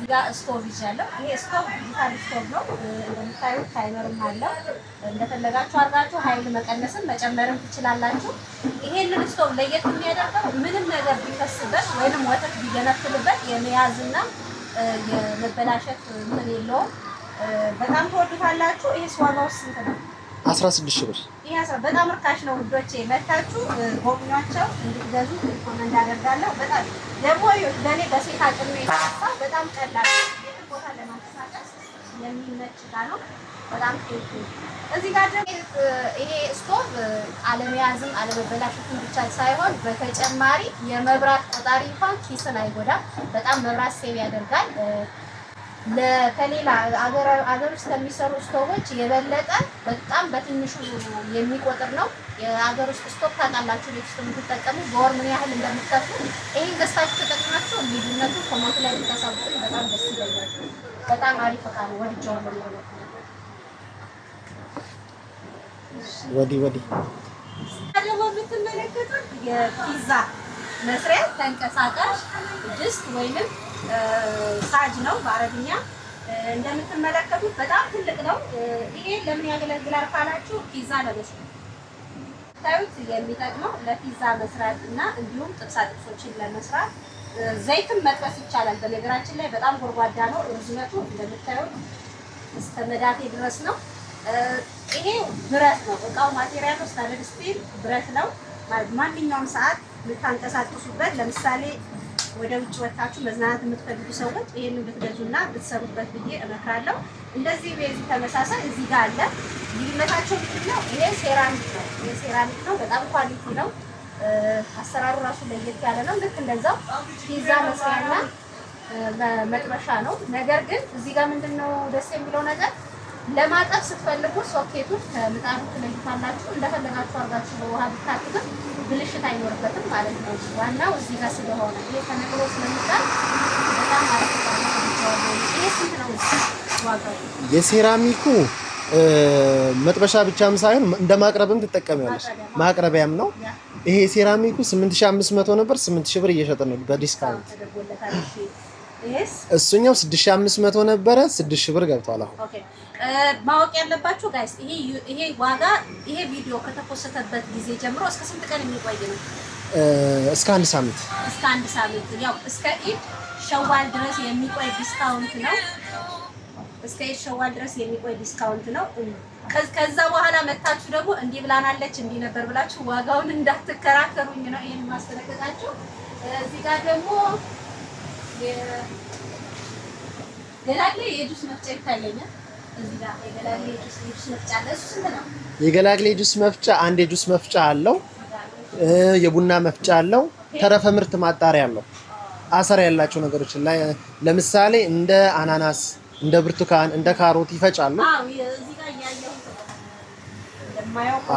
እዚህ ጋር ስቶቭ ይዣለሁ። ይሄ ስቶቭ ዲጂታል ስቶቭ ነው እንደምታዩት፣ ታይመርም አለው። እንደፈለጋችሁ አድርጋችሁ ኃይል መቀነስም መጨመርም ትችላላችሁ። ይሄንን ስቶቭ ለየት የሚያደርገው ምንም ነገር ቢፈስበት ወይንም ወተት ቢገነፍልበት የመያዝና የመበላሸት ምን የለውም። በጣም ትወዱታላችሁ። ይሄ ስዋጋ ስንት ነው? አስራ ስድስት ሺህ ብር በጣም ርካሽ ነው ውዶቼ። መታችሁ ጎብኟቸው እንድትገዙ ኮመንት አደርጋለሁ። በጣም ደግሞ ለእኔ በሴት አቅሜ የተነሳ በጣም ቀላል ቦታ ለማንቀሳቀስ የሚመች እቃ ነው። በጣም ቴክ እዚህ ጋር ደግሞ ይሄ ስቶቭ አለመያዝም አለመበላሸቱን ብቻ ሳይሆን በተጨማሪ የመብራት ቆጣሪ እንኳን ኪስን አይጎዳም። በጣም መብራት ሴቭ ያደርጋል። ከሌላ አገር ውስጥ ከሚሰሩ ስቶቮች የበለጠ በጣም በትንሹ የሚቆጥር ነው። የአገር ውስጥ ስቶቭ ታውቃላችሁ፣ ቤት ውስጥ የምትጠቀሙ በወር ምን ያህል እንደምትከፍሉ ይህን ገዝታችሁ ተጠቅማችሁ ልዩነቱ ኮመንት ላይ ብታሳውቁኝ በጣም ደስ ይለኛል። በጣም አሪፍ ዕቃ ነው፣ ወድጄዋለሁ። ወዲህ ወዲህ የፒዛ መስሪያ ተንቀሳቃሽ ድስት ወይንም ሳጅ ነው በአረብኛ። እንደምትመለከቱት በጣም ትልቅ ነው። ይሄ ለምን ያገለግላል ካላችሁ ፒዛ ለመስራት ታዩት። የሚጠቅመው ለፒዛ መስራት እና እንዲሁም ጥብሳ ጥብሶችን ለመስራት ዘይትም መጥበስ ይቻላል። በነገራችን ላይ በጣም ጎርጓዳ ነው። ርዝመቱ እንደምታዩት እስከ መዳፌ ድረስ ነው። ይሄ ብረት ነው እቃው፣ ማቴሪያል ስታንድ ስቲል ብረት ነው። ማንኛውም ሰዓት የምታንቀሳቅሱበት ለምሳሌ ወደ ውጭ ወታችሁ መዝናናት የምትፈልጉ ሰዎች ይህንን ብትገዙና ብትሰሩበት ብዬ እመክራለሁ። እንደዚህ በዚህ ተመሳሳይ እዚህ ጋር አለ። ልዩነታቸው ምንድን ነው? ይሄ ሴራሚክ ነው። ይሄ ሴራሚክ ነው። በጣም ኳሊቲ ነው። አሰራሩ ራሱ ለየት ያለ ነው። ልክ እንደዛው ፒዛ መስሪያና መጥበሻ ነው። ነገር ግን እዚህ ጋር ምንድን ነው ደስ የሚለው ነገር ለማጠብ ስትፈልጉ ሶኬቱን ከምጣዱ ትለይታላችሁ። እንደፈለጋችሁ አርጋችሁ በውሃ ብታጥቡት ብልሽት አይኖርበትም ማለት ነው። ዋናው እዚህ ጋር ስለሆነ ይሄ ተነቅሎ ስለሚጣል በጣም አረፍ። ስንት ነው። የሴራሚኩ መጥበሻ ብቻም ሳይሆን እንደ ማቅረብም ትጠቀሚያለሽ፣ ማቅረቢያም ነው። ይሄ የሴራሚኩ 8500 ነበር፣ 8000 ብር እየሸጠ ነው በዲስካውንት እሱኛው 6500 ነበረ 6000 ብር ገብቷል። አሁን ኦኬ ማወቅ ያለባችሁ ጋይስ ይሄ ይሄ ዋጋ ይሄ ቪዲዮ ከተኮሰተበት ጊዜ ጀምሮ እስከ ስንት ቀን የሚቆይ ነው? እስከ አንድ ሳምንት እስከ አንድ ሳምንት ያው እስከ ኢድ ሸዋል ድረስ የሚቆይ ዲስካውንት ነው። እስከ ኢድ ሸዋል ድረስ የሚቆይ ዲስካውንት ነው። ከዛ በኋላ መታችሁ ደግሞ እንዲህ ብላናለች እንዲህ ነበር ብላችሁ ዋጋውን እንዳትከራከሩኝ ነው ይሄን ማስጠነቀቃችሁ። እዚህ ጋር ደግሞ የገላግሌ መፍጫ ጁስ መፍጫ አንድ የጁስ መፍጫ አለው፣ የቡና መፍጫ አለው፣ ተረፈ ምርት ማጣሪያ አለው። አሰር ያላቸው ላይ ለምሳሌ እንደ አናናስ፣ እንደ ብርቱካን፣ እንደ ካሮት ይፈጫሉ።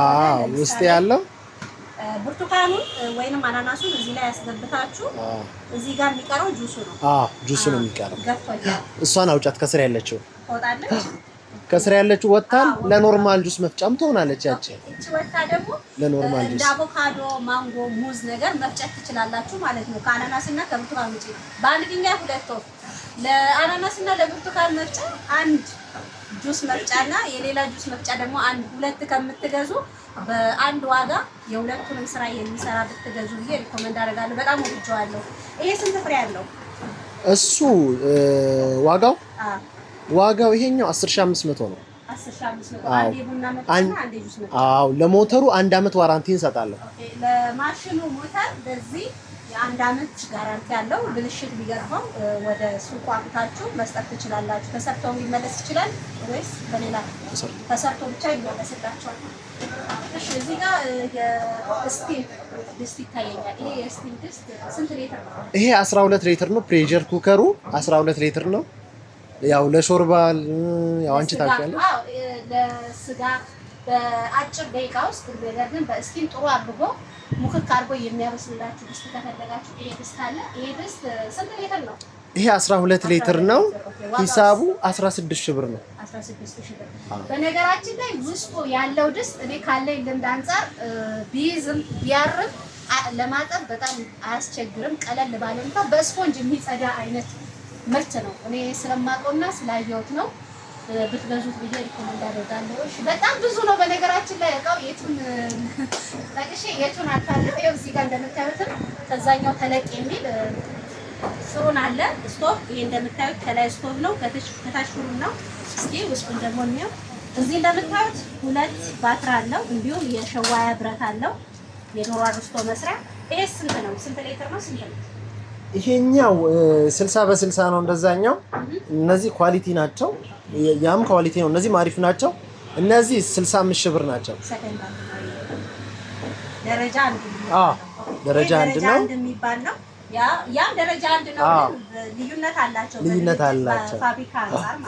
አዎ ውስጥ ያለው ብርቱካኑን ወይንም አናናሱን እዚህ ላይ ያስገብታችሁ እዚህ ጋር የሚቀረው ጁሱ ነው። ጁሱ ነው የሚቀረው። እሷን አውጫት። ከስር ያለችው ትወጣለች። ከስር ያለችው ወጣል። ለኖርማል ጁስ መፍጫም ትሆናለች። ያቺ ወጣ ደግሞ ለኖርማል ጁስ አቮካዶ፣ ማንጎ፣ ሙዝ ነገር መፍጨት ትችላላችሁ ማለት ነው። ከአናናስ እና ከብርቱካን ውጪ በአንድ ድንጋይ ሁለት ወፍ። ለአናናስ እና ለብርቱካን መፍጫ አንድ ጁስ መፍጫና የሌላ ጁስ መፍጫ ደግሞ አንድ ሁለት ከምትገዙ በአንድ ዋጋ የሁለቱንም ስራ የሚሰራ ብትገዙ ብዬ ሪኮመንድ አደርጋለሁ። በጣም ወድጀዋለሁ። ይሄ ስንት ፍሬ አለው? እሱ ዋጋው ዋጋው ይሄኛው 10500 ነው። አዎ ለሞተሩ አንድ አመት ዋራንቲ እንሰጣለሁ። ለማሽኑ ሞተር በዚህ የአንድ አመት ጋራንቲ ያለው ብልሽት ቢገጥመው ወደ ሱቁ አምጥታችሁ መስጠት ትችላላችሁ። ተሰርቶ ሊመለስ ይችላል ወይስ በሌላ ተሰርቶ ብቻ ይመለስላቸዋል? እሺ፣ እዚህ ጋር የስቲል ድስት ይታየኛል። ይሄ የስቲል ድስት ስንት ሊትር ነው? ይሄ 12 ሊትር ነው። ፕሬሸር ኩከሩ 12 ሊትር ነው። ያው ለሾርባ ያው አንቺ ታውቂያለሽ፣ ለስጋ በአጭር ደቂቃ ውስጥ ነገር ግን በስቲም ጥሩ አድርጎ ሙክክ አድርጎ የሚያበስላችሁ ድስት ከፈለጋችሁ ይሄ ድስት አለ። ይሄ ድስት ስንት ሊትር ነው? ይሄ 12 ሊትር ነው። ሂሳቡ 16 ሺህ ብር ነው። 16 ሺህ ብር። በነገራችን ላይ ውስጡ ያለው ድስት እኔ ካለኝ ልምድ አንጻር ቢይዝም ቢያርም ለማጠብ በጣም አያስቸግርም። ቀለል ባለ ሁኔታ በስፖንጅ የሚጸዳ አይነት ምርት ነው። እኔ ስለማውቀውና ስላየሁት ነው። ብትገዙት ብዬ ሪኮመንድ አደርጋለሁ። እሺ፣ በጣም ብዙ ነው። በነገራችን ላይ እቃው የቱን ጠቅሼ የቱን አታለም። ይኸው እዚህ ጋር እንደምታዩትም ከዛኛው ተለቅ የሚል ፍሩን አለ። ስቶቭ ይሄ እንደምታዩት ከላይ ስቶቭ ነው፣ ከታች ፍሩን ነው። እስኪ ውስጡን ደግሞ እንየው። እዚህ እንደምታዩት ሁለት ባትራ አለው፣ እንዲሁም የሸዋያ ብረት አለው። የዶሮ አርብስቶ መስሪያ ይሄ ስንት ነው? ስንት ሌትር ነው? ስንት ነው? ይሄኛው ስልሳ በስልሳ ነው እንደዛኛው። እነዚህ ኳሊቲ ናቸው፣ ያም ኳሊቲ ነው። እነዚህም አሪፍ ናቸው። እነዚህ ስልሳ አምስት ሺህ ብር ናቸው። ደረጃ አንድ ነው ያም ደረጃ አንድ ነው። ልዩነት አላቸው።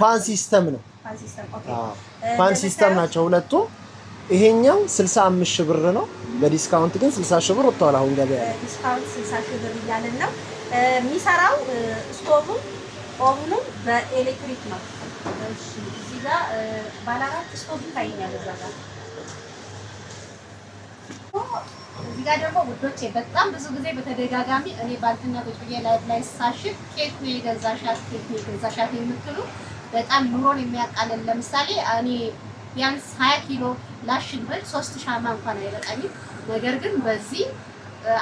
ፋን ሲስተም ነው። ፋን ሲስተም ናቸው ሁለቱ። ይሄኛው 65 ሺህ ብር ነው። በዲስካውንት ግን 60 ሺህ ብር ወጥቷል። አሁን ገበያ ዲስካውንት 60 ሺህ ብር እያልን ነው። የሚሰራው ስቶቡም ኦቭኑም በኤሌክትሪክ ነው። እሺ እዚህ ጋር ባለ አራት ስቶቭ ታይኛል። እዛ ጋር እዚህ ጋር ደግሞ ውዶቼ በጣም ብዙ ጊዜ በተደጋጋሚ እኔ ባልትና ቁጭዬ ላይ ላይ ሳሽፍ ኬት ነው የገዛሻት ኬት ነው የገዛሻት የምትሉ በጣም ኑሮን የሚያቃልል ለምሳሌ እኔ ቢያንስ 20 ኪሎ ላሽን ብል 3000 አማ እንኳን አይበቃኝም። ነገር ግን በዚህ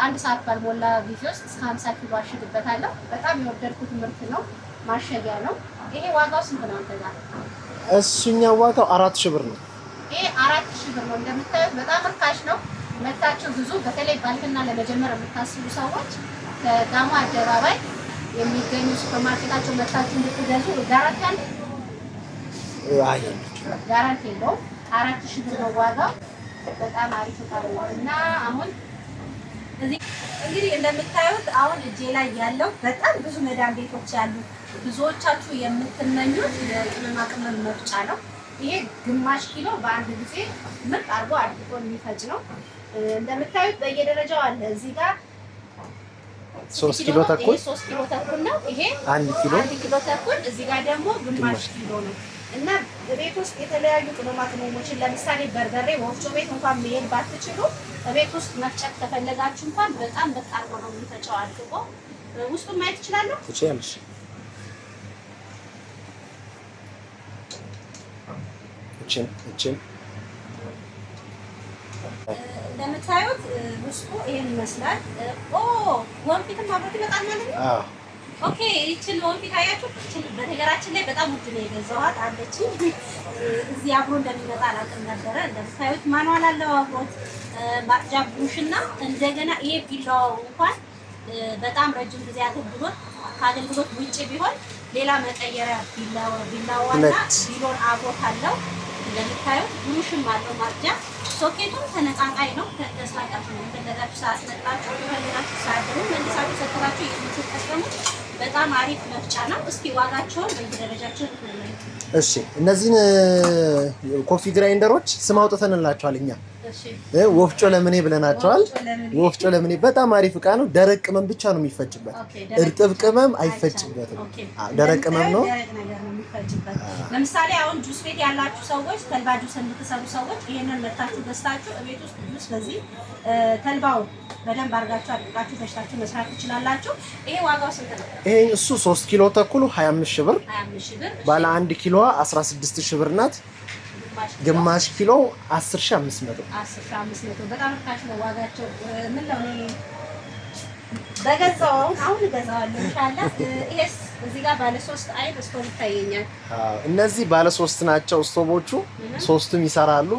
አንድ ሰዓት ባልሞላ ጊዜ ውስጥ እስከ 50 ኪሎ አሽግበታለሁ። በጣም የወደድኩት ምርት ነው። ማሸጊያ ነው። ይሄ ዋጋው ስንት ነው? አንተ ጋር እሱኛ ዋጋው አራት ሺህ ብር ነው። ይሄ አራት ሺህ ብር ነው። እንደምታዩት በጣም ርካሽ ነው። መታችሁ ብዙ በተለይ ባልክና ለመጀመር የምታስቡ ሰዎች ከጋሞ አደባባይ የሚገኙ ሱፐርማርኬታቸው መታችሁ እንድትገዙ ጋራንቲ አለ? አይ ጋራንቲ የለውም። አራት ሺህ ብር ነው ዋጋው። በጣም አሪፍ ነው እና አሁን እንግዲህ እንደምታዩት አሁን እጄ ላይ ያለው በጣም ብዙ መዳን ቤቶች ያሉ ብዙዎቻችሁ የምትመኙት የቅመማ ቅመም መፍጫ ነው። ይሄ ግማሽ ኪሎ በአንድ ጊዜ ምርጥ አድርጎ አድርጎ የሚፈጭ ነው። እንደምታዩት በየደረጃው አለ። እዚህ ጋር ሶስት ኪሎ ተኩል ሶስት ኪሎ ተኩል ነው። ይሄ አንድ ኪሎ አንድ ኪሎ ተኩል እዚህ ጋር ደግሞ ግማሽ ኪሎ ነው እና ቤት ውስጥ የተለያዩ ቅመማ ቅመሞችን ለምሳሌ በርበሬ ወፍጮ ቤት እንኳን መሄድ ባትችሉ ቤት ውስጥ መፍጨት ከፈለጋችሁ እንኳን በጣም በጣም ነው የሚፈጨው። አድርጎ ውስጡን ማየት ይችላለሁ። ትችያለሽ። እቺን እቺን እንደምታዩት ውስጡ ይሄን ይመስላል። ወንፊትም አብሮት ይመጣል ማለት ነው። ኦኬ ይችን ወንፊት አያችሁ። በነገራችን ላይ በጣም ውድ ነው የገዛኋት አለችኝ። እዚህ አብሮ እንደሚመጣ አላውቅም ነበረ። እንደምታዩት ማንዋል አለው አብሮት ማጥጃ ብሩሽ እና እንደገና ይሄ ቢላው እንኳን በጣም ረጅም ጊዜ አገልግሎት ከአገልግሎት ውጭ ቢሆን ሌላ መቀየሪያ ቢላዋና ቢሎን አብሮ ካለው እንደምታዩት ብሩሽም አለው ማጥጃ ሶኬቱም ተነጣጣይ ነው። ተስማቃችሁ የፈለጋችሁ ሰዓት መጣችሁ የፈለጋችሁ ሰዓት ደግሞ መልሳችሁ ሰጥራችሁ የምትጠቀሙ በጣም አሪፍ መፍጫ ነው። እስኪ ዋጋቸውን በየደረጃቸው እሺ። እነዚህን ኮፊ ግራይንደሮች ስም አውጥተንላቸዋል እኛ ወፍጮ ለምኔ ብለናቸዋል። ወፍጮ ለምኔ በጣም አሪፍ እቃ ነው። ደረቅ ቅመም ብቻ ነው የሚፈጭበት፣ እርጥብ ቅመም አይፈጭበትም። ደረቅ ቅመም ነው። ለምሳሌ አሁን ጁስ ቤት ያላችሁ ሰዎች ተልባ ጁስ የምትሰሩ ሰዎች ይሄንን መታችሁ ገዝታችሁ ቤት ውስጥ ጁስ በዚህ ተልባውን በደንብ አድርጋችሁ አጥቃችሁ ፈጭታችሁ መስራት ትችላላችሁ። ይሄ ዋጋው ስንት ነው? ይሄ እሱ 3 ኪሎ ተኩሉ 25 ሺህ ብር፣ ባለ 1 ኪሎዋ 16 ሺህ ብር ናት። ግማሽ ኪሎ 10500 10500 በጣም ርካሽ ነው ዋጋቸው። ምን ነው በገዛው አሁን እገዛዋለሁ ኢንሻአላህ። ይሄስ እዚህ ጋር ባለ 3 አይብ ስቶቭ ይታየኛል። እነዚህ ባለ 3 ናቸው ስቶቦቹ፣ ሶስቱም ይሰራሉ።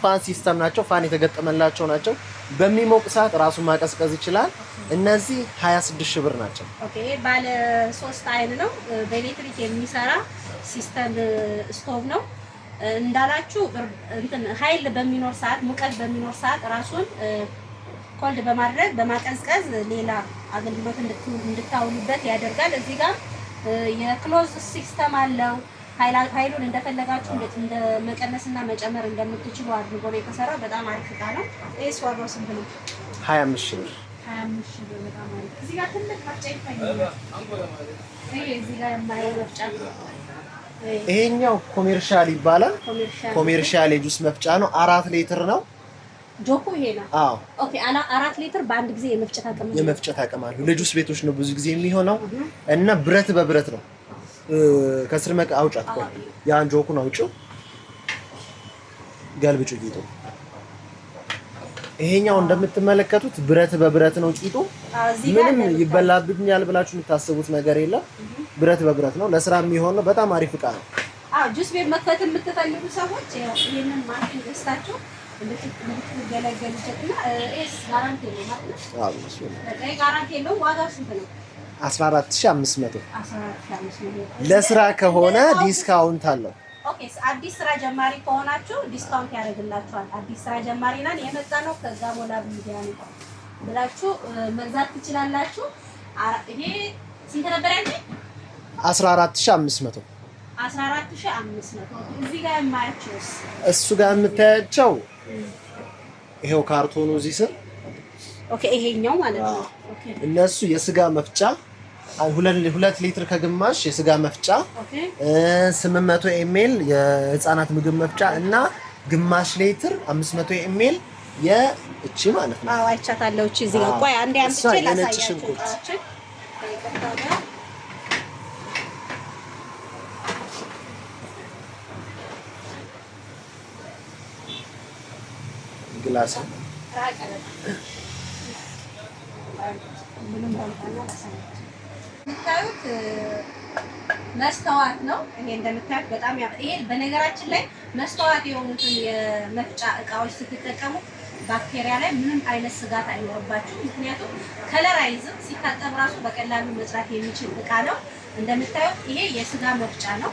ፋን ሲስተም ናቸው፣ ፋን የተገጠመላቸው ናቸው። በሚሞቅ ሰዓት ራሱን ማቀዝቀዝ ይችላል። እነዚህ 26 ሺህ ብር ናቸው። ኦኬ ባለ 3 አይን ነው በኤሌክትሪክ የሚሰራ ሲስተም ስቶቭ ነው። እንዳላችሁ እንትን ኃይል በሚኖር ሰዓት ሙቀት በሚኖር ሰዓት ራሱን ኮልድ በማድረግ በማቀዝቀዝ ሌላ አገልግሎት እንድታውሉበት ያደርጋል። እዚህ ጋር የክሎዝ ሲስተም አለው። ኃይሉን እንደፈለጋችሁ እንደ መቀነስና መጨመር እንደምትችሉ አድርጎ ነው የተሰራ። በጣም አሪፍ ዕቃ ነው። ኤስ ዋጋው ስንት ነው? 25 ሺህ ብር። 25 ሺህ ብር በጣም አሪፍ። እዚህ ጋር ትልቅ መፍጫ ይታያል። እዚህ ጋር የማየው መፍጫ ይሄኛው ኮሜርሻል ይባላል። ኮሜርሻል የጁስ መፍጫ ነው። አራት ሊትር ነው ጆኮ። ይሄ ነው። አዎ ኦኬ። አራት ሊትር በአንድ ጊዜ የመፍጨት አቅም የመፍጨት አቅም አለው። ለጁስ ቤቶች ነው ብዙ ጊዜ የሚሆነው እና ብረት በብረት ነው። ከስር መቃ አውጫት ቆይ፣ ያን ጆኩን አውጪው፣ ገልብጩ ጌጡ ይሄኛው እንደምትመለከቱት ብረት በብረት ነው ቂጡ። ምንም ይበላብኛል ብላችሁ የምታስቡት ነገር የለም። ብረት በብረት ነው። ለስራ የሚሆን ነው። በጣም አሪፍ እቃ ነው። አዎ ጁስ ቤት መክፈት የምትፈልጉ ሰዎች ይሄንን ማሽን ገዝታችሁ ነው ማለት ነው። አዎ እሱ ነው። ነው። ነው? ለስራ ከሆነ ዲስካውንት አለው። ኦኬ አዲስ ስራ ጀማሪ ከሆናችሁ ዲስካውንት ያደርግላችኋል። አዲስ ስራ ጀማሪ ነን የመጣ ነው ከዛ ሞላ ሚዲያ ነው ብላችሁ መግዛት ትችላላችሁ። ይሄ ስንት ነበር ያለ? 14500 14500 እዚህ ጋር የማያቸውስ እሱ ጋር የምታያቸው ይሄው ካርቶኑ እዚህ ስር ኦኬ፣ ይሄኛው ማለት ነው። እነሱ የስጋ መፍጫ ሁለት ሊትር ከግማሽ የስጋ መፍጫ፣ 800 ኤሜል የህፃናት ምግብ መፍጫ እና ግማሽ ሊትር 500 ኤሜል የእቺ ማለት ነው። አዎ አይቻታለሁ። እቺ እዚህ ነው። ቆይ አንዴ አንስቼ ላሳያችሁ። ግላስ ነው የምታዩት መስተዋት ነው። ይሄ እንደምታዩት በጣም ይሄ በነገራችን ላይ መስተዋት የሆኑትን የመፍጫ እቃዎች ስትጠቀሙ ባክቴሪያ ላይ ምንም አይነት ስጋት አይኖርባችሁ። ምክንያቱም ከለር አይዝም፣ ሲታጠብ ራሱ በቀላሉ መጽራት የሚችል እቃ ነው። እንደምታዩት ይሄ የስጋ መፍጫ ነው።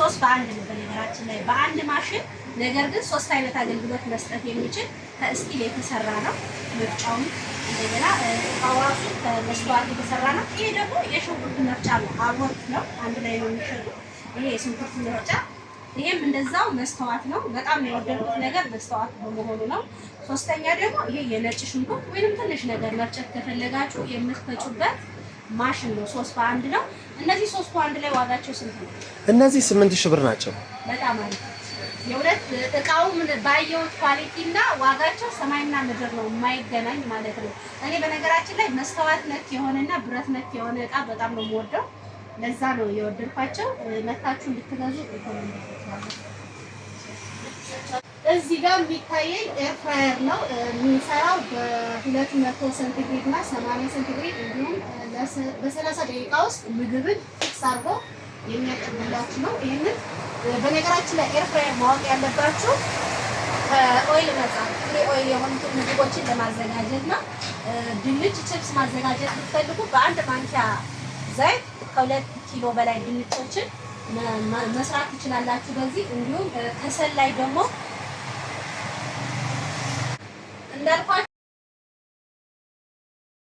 ሶስት በአንድ ነው በነገራችን ላይ በአንድ ማሽን ነገር ግን ሶስት አይነት አገልግሎት መስጠት የሚችል ከስቲል የተሰራ ነው መፍጫውን እንደገና ቃዋሱ መስዋዕት የተሰራ ነው። ይሄ ደግሞ የሽንኩርት መፍጫ ነው። አብሮት ነው፣ አንድ ላይ ነው የሚሸጡ። ይሄ የሽንኩርት መፍጫ ይሄም እንደዛው መስተዋት ነው። በጣም የወደድኩት ነገር መስተዋት በመሆኑ ነው። ሶስተኛ ደግሞ ይሄ የነጭ ሽንኩርት ወይንም ትንሽ ነገር መፍጨት ከፈለጋችሁ የምትፈጩበት ማሽን ነው። ሶስት በአንድ ነው። እነዚህ ሶስት በአንድ ላይ ዋጋቸው ስንት ነው? እነዚህ ስምንት ሺህ ብር ናቸው። በጣም አሪፍ እቃው እቃውም ባየሁት ኳሊቲ እና ዋጋቸው ሰማይና ምድር ነው፣ የማይገናኝ ማለት ነው። እኔ በነገራችን ላይ መስተዋት ነክ የሆነና ብረት ነክ የሆነ እቃ በጣም ነው የምወደው። ለዛ ነው የወደድኳቸው። መታችሁ እንድትገዙ እዚህ ጋር የሚታየኝ ኤርፍራየር ነው የሚሰራው በሁለት መቶ ሴንቲግሬድ እና ሰማንያ ሴንቲግሬድ እንዲሁም በሰላሳ ደቂቃ ውስጥ ምግብን ፊክስ አድርጎ የሚያቀርብላችሁ ነው። ይህንን በነገራችን ላይ ኤርፍራየር ማወቅ ያለባችሁ ከኦይል ነፃ ፍሪ ኦይል የሆኑትን ምግቦችን ለማዘጋጀት ነው። ድንች ችፕስ ማዘጋጀት ብትፈልጉ በአንድ ማንኪያ ዘይት ከሁለት ኪሎ በላይ ድንቾችን መስራት ትችላላችሁ። በዚህ እንዲሁም ከሰል ላይ ደግሞ እንዳልኳችሁ